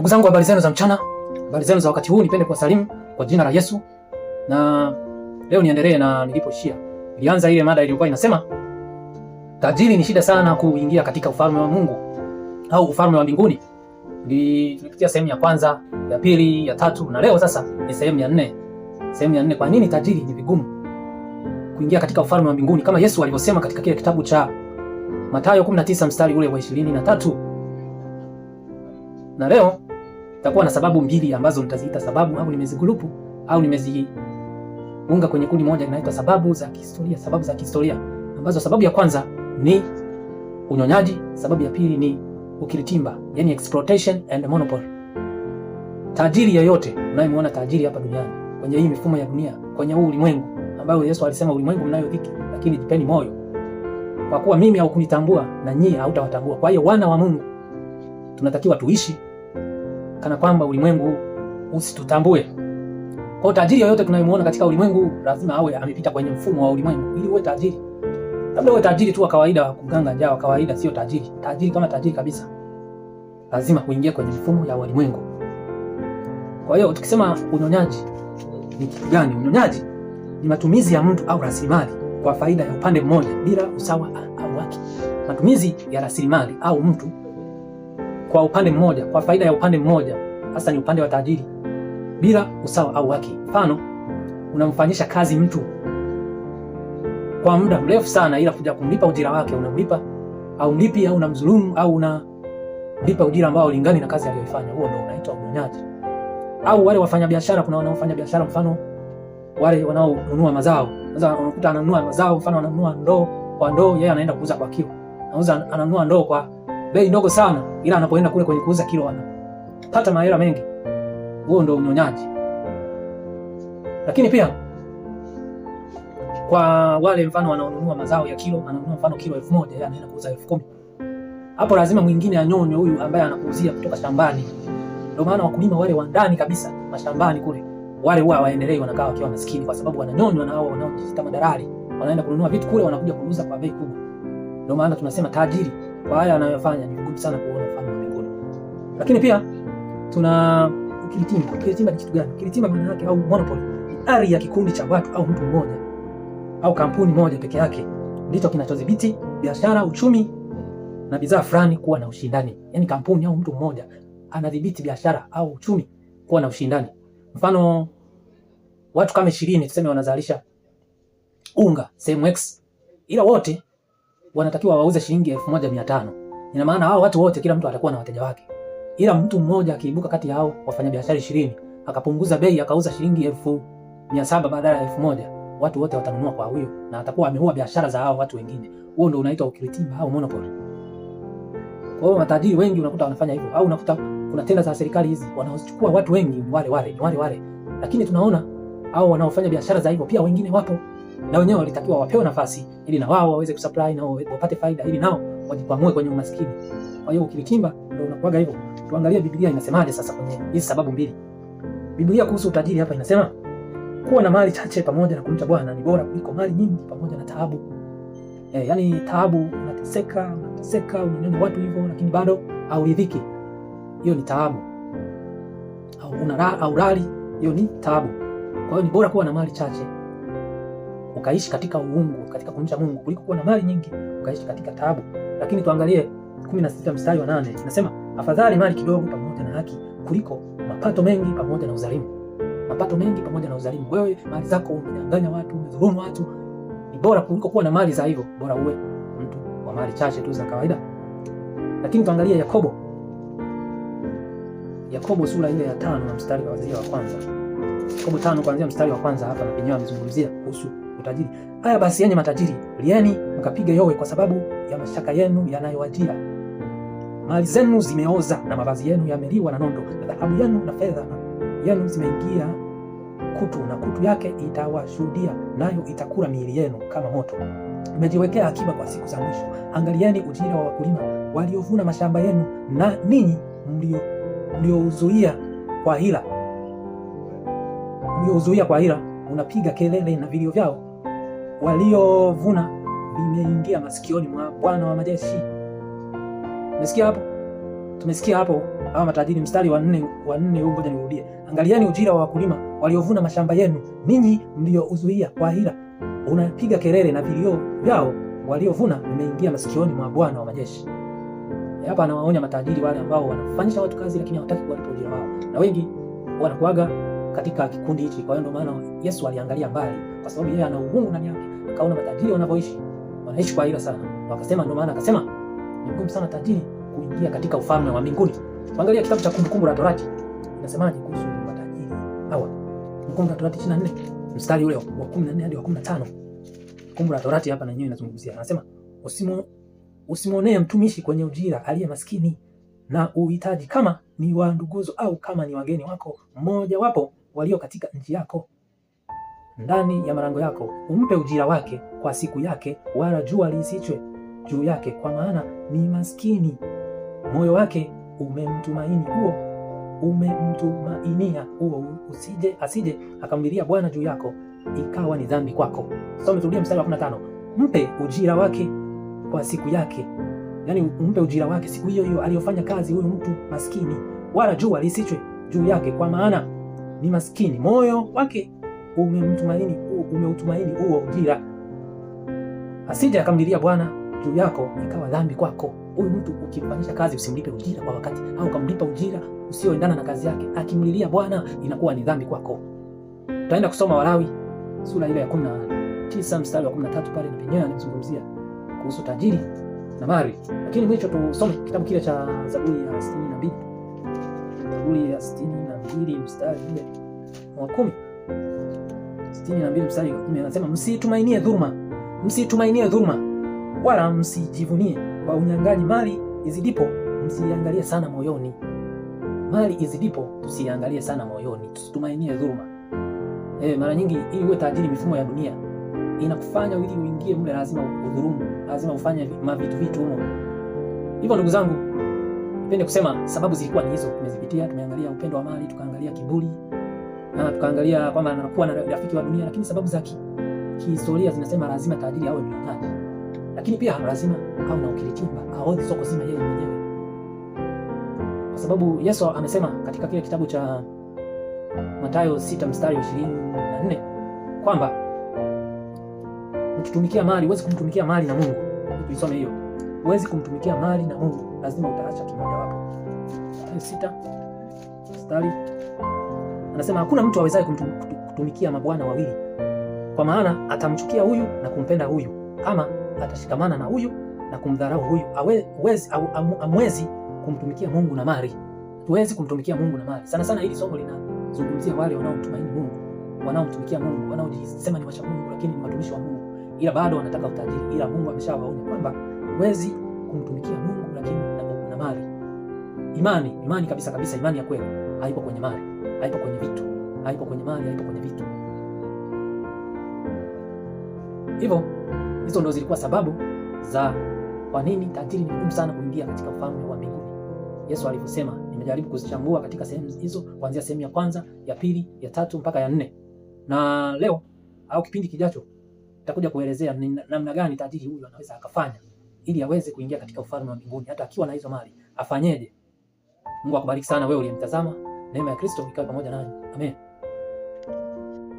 Ndugu zangu, habari zenu za mchana, habari zenu za wakati huu. Nipende kuwasalimu kwa jina la Yesu, na leo niendelee na nilipoishia. Nilianza ile mada iliyokuwa inasema tajiri ni shida sana kuingia katika ufalme wa Mungu au ufalme wa mbinguni. Tulipitia sehemu ya kwanza, ya pili, ya tatu na leo sasa ni sehemu ya nne. Sehemu ya nne, kwa nini tajiri ni vigumu kuingia katika ufalme wa mbinguni kama Yesu alivyosema katika kile kitabu cha Mathayo 19 mstari ule wa 23. Na leo Takuwa na sababu mbili ambazo nitaziita sababu au nimezigurupu au nimeziunga kwenye kundi moja inaitwa sababu za kihistoria, sababu za kihistoria ambazo sababu ya kwanza ni unyonyaji, sababu ya pili ni ukiritimba, yani exploitation and monopoly. Tajiri yoyote unayemwona tajiri hapa duniani kwenye hii mifumo ya dunia, kwenye huu ulimwengu ambao Yesu alisema ulimwengu mnayo dhiki, lakini jipeni moyo, kwa kuwa mimi haukunitambua na nyie hautawatambua. Kwa hiyo wana wa Mungu tunatakiwa tuishi kana kwamba ulimwengu usitutambue. Kwa tajiri yoyote tunayemuona katika ulimwengu lazima awe amepita kwenye mfumo wa ulimwengu ili uwe tajiri. Labda uwe tajiri tu wa kawaida wa kuganga njaa wa kawaida, sio tajiri. Tajiri kama tajiri kabisa, lazima uingie kwenye mfumo ya ulimwengu. Kwa hiyo tukisema unyonyaji ni kitu gani? Unyonyaji ni matumizi ya mtu au rasilimali kwa faida ya upande mmoja bila usawa au haki. Matumizi ya rasilimali au mtu kwa upande mmoja, kwa faida ya upande mmoja, hasa ni upande wa tajiri, bila usawa au haki. Mfano, unamfanyisha kazi mtu kwa muda mrefu sana, ila kuja kumlipa ujira wake unamlipa au mlipi au unamdhulumu au unamlipa ujira ambao ulingani na kazi aliyoifanya, huo ndio unaitwa unyonyaji. Au wale wafanyabiashara, kuna wanaofanya biashara, mfano wale wanaonunua mazao. Sasa unakuta ananunua mazao, mfano ananunua ndoo kwa ndoo, yeye anaenda kuuza kwa kilo, anauza, ananunua ndoo kwa bei ndogo sana, ila anapoenda kule kwenye kuuza kilo anapata mahela mengi. Huo ndio unyonyaji. Lakini pia kwa wale mfano wanaonunua mazao ya kilo, ananunua mfano kilo elfu moja yeye anaenda kuuza elfu kumi hapo lazima mwingine anyonywe huyu ambaye anakuuzia kutoka shambani. Ndio maana wakulima wale wa ndani kabisa mashambani kule wale huwa waendelee, wanakaa wakiwa maskini, kwa sababu wananyonywa na hao wanaojiita madalali, wanaenda kununua vitu kule, wanakuja kuuza kwa bei kubwa. Ndio maana tunasema tajiri kwa haya anayofanya ni ngumu sana kuona mfano wa mbinguni. Lakini pia tuna ukiritimba. Ukiritimba ni kitu gani? Ukiritimba maana yake au monopoly ni ari ya kikundi cha watu au mtu mmoja au kampuni moja peke yake ndicho kinachodhibiti biashara, uchumi na bidhaa fulani kuwa na ushindani. Yaani kampuni au mtu mmoja anadhibiti biashara au uchumi kuwa na ushindani. Mfano watu kama 20 tuseme wanazalisha unga sehemu X, ila wote wanatakiwa wauze shilingi elfu moja mia tano. Ina maana hao watu wote, kila mtu atakuwa na wateja wake, ila mtu mmoja akiibuka kati ya hao wafanyabiashara ishirini akapunguza bei akauza shilingi elfu mia saba badala ya elfu moja watu wote watanunua kwa huyo, na atakuwa ameua biashara za hao watu wengine. Huo ndio unaitwa ukiritimba au monopoly. Kwa hiyo matajiri wengi unakuta wanafanya hivyo, au unakuta kuna tenda za serikali hizi wanaochukua watu wengi, wale wale wale wale, lakini tunaona au wanaofanya biashara za hivyo pia wengine wapo na wenyewe walitakiwa wapewe nafasi ili na wao waweze kusupply na wapate faida ili nao wajikwamue kwenye umaskini. Kwa hiyo ukilichimba ndio unakuaga hivyo. Tuangalie Biblia inasemaje sasa kwenye hizi sababu mbili. Biblia kuhusu utajiri hapa inasema kuwa na mali chache pamoja na kumcha Bwana ni bora kuliko mali nyingi pamoja na taabu. Eh, yani taabu, unateseka, unateseka, unanena watu hivyo lakini bado hauridhiki. Hiyo ni taabu. Au unalala, au lali, hiyo ni taabu. Kwa hiyo ni bora kuwa na mali chache ukaishi katika uungu, katika kumcha Mungu kuliko kuwa na mali nyingi ukaishi katika tabu. Lakini tuangalie 16 mstari wa 8 inasema, afadhali mali kidogo pamoja na haki kuliko mapato mengi pamoja na uzalimu. Mapato mengi pamoja na uzalimu, Wewe mali zako umedanganya watu, umedhulumu watu, ni bora kuliko kuwa na mali za hivyo. Bora uwe mtu wa mali chache tu za kawaida. Lakini tuangalie Yakobo, Yakobo sura ile ya 5 na mstari wa kwanza. Yakobo 5 kuanzia mstari wa kwanza hapa na penyewe amezungumzia kuhusu utajiri. Haya basi, yenye matajiri, lieni mkapiga yowe kwa sababu ya mashaka yenu yanayowajia. Mali zenu zimeoza na mavazi yenu yameliwa na nondo, na dhahabu yenu na fedha yenu zimeingia kutu, na kutu yake itawashuhudia, nayo itakula miili yenu kama moto. Mmejiwekea akiba kwa siku za mwisho. Angalieni ujira wa wakulima waliovuna mashamba yenu, na ninyi mliouzuia kwa hila, mliouzuia kwa hila, unapiga kelele na vilio vyao waliovuna vimeingia masikioni mwa Bwana wa majeshi. Umesikia hapo? Tumesikia hapo hawa matajiri, mstari wa nne wa nne huu, ngoja nirudie. Angaliani ujira wa wakulima waliovuna mashamba yenu, ninyi mliouzuia kwa hila. Unapiga kelele na vilio vyao, waliovuna vimeingia masikioni mwa Bwana wa majeshi. E, hapa anawaonya matajiri wale ambao wanafanyisha watu kazi, lakini hawataki kuwalipa ujira wao, na wengi wanakuaga katika kikundi hichi. Kwa hiyo ndio maana Yesu aliangalia mbali, kwa sababu yeye ana uungu ndani yake akaona matajiri wanavyoishi, wanaishi kwa hila sana, wakasema ndio maana akasema ni ngumu sana tajiri kuingia katika ufalme wa mbinguni. Angalia kitabu cha Kumbukumbu la Torati inasemaje kuhusu matajiri hawa. Kumbukumbu la Torati 24 mstari ule wa 14 hadi wa 15. Kumbukumbu la Torati hapa na yenyewe inazungumzia, anasema usimo usimwonee mtumishi kwenye ujira aliye maskini na uhitaji, kama ni wa nduguzo au kama ni wageni wako mmoja wapo walio katika nchi yako ndani ya malango yako, umpe ujira wake kwa siku yake, wala jua lisichwe juu yake, kwa maana ni maskini. Moyo wake umemtumaini huo, umemtumainia huo, usije asije akamlilia Bwana juu yako, ikawa ni dhambi kwako. So umetulia mstari wa 15, mpe ujira wake kwa siku yake, yani umpe ujira wake siku hiyo hiyo aliyofanya kazi huyu mtu maskini, wala jua lisichwe juu yake, kwa maana ni maskini moyo wake umemtumaini umeutumaini huo ujira, asije akamlilia Bwana juu yako ikawa dhambi kwako. Huyu mtu ukimfanyisha kazi usimlipe ujira kwa wakati, au ukamlipa ujira usioendana na kazi yake, akimlilia Bwana inakuwa ni dhambi kwako. Tutaenda kusoma Walawi sura ile ya 19 mstari wa 13 pale, na penyewe anazungumzia kuhusu tajiri na mali, lakini mwisho tusome kitabu kile cha Zaburi ya 62 Zaburi ya 62 mstari wa 10. 62 mstari wa 10 anasema msitumainie dhuluma, msitumainie dhuluma, wala msijivunie kwa unyang'anyi. Mali izidipo msiangalie sana moyoni, mali izidipo tusiangalie sana moyoni, tusitumainie dhuluma. Eh, mara nyingi ili uwe tajiri, mifumo ya dunia inakufanya ili uingie mle, lazima udhulumu, lazima ufanye mavitu vitu huko hivyo. Ndugu zangu, pende kusema sababu zilikuwa ni hizo tumezipitia. Tumeangalia upendo wa mali, tukaangalia kiburi na tukaangalia kwamba anakuwa na rafiki wa dunia, lakini sababu za kihistoria zinasema lazima tajiri awe mnyonyaji, lakini pia lazima awe na ukiritimba, aodhi soko zima yeye mwenyewe, kwa sababu Yesu amesema katika kile kitabu cha Mathayo 6 mstari wa 24 kwamba ukitumikia mali huwezi kumtumikia mali na Mungu. Tuisome hiyo, huwezi kumtumikia mali na Mungu, lazima utaacha kimoja wapo. Mathayo 6 mstari Anasema hakuna mtu awezaye kumtumikia mabwana wawili, kwa maana atamchukia huyu na kumpenda huyu, ama atashikamana na huyu na kumdharau huyu. Hawezi amwezi kumtumikia Mungu na mali. Tuwezi kumtumikia Mungu na mali. Sana sana hili somo linazungumzia wale wanaomtumaini Mungu, wanaomtumikia Mungu, wanaojisema ni wacha Mungu lakini ni watumishi wa Mungu, ila bado wanataka utajiri, ila Mungu ameshawaonya kwamba huwezi kumtumikia Mungu lakini na, na mali. Imani, imani kabisa kabisa, imani ya kweli haipo kwenye mali, haipo kwenye haipo kwenye mali, haipo kwenye vitu hivyo. Hizo ndio zilikuwa sababu za kwa nini tajiri ni ngumu sana kuingia katika ufalme wa mbinguni. Yesu alivyosema, nimejaribu kuzichambua katika sehemu hizo kuanzia sehemu ya kwanza, ya pili, ya tatu mpaka ya nne, na leo au kipindi kijacho nitakuja kuelezea namna gani tajiri huyu anaweza akafanya ili aweze kuingia katika ufalme wa mbinguni hata akiwa na hizo mali afanyeje. Mungu akubariki sana wewe uliyemtazama. Neema ya Kristo ikae pamoja nanyi. Amen.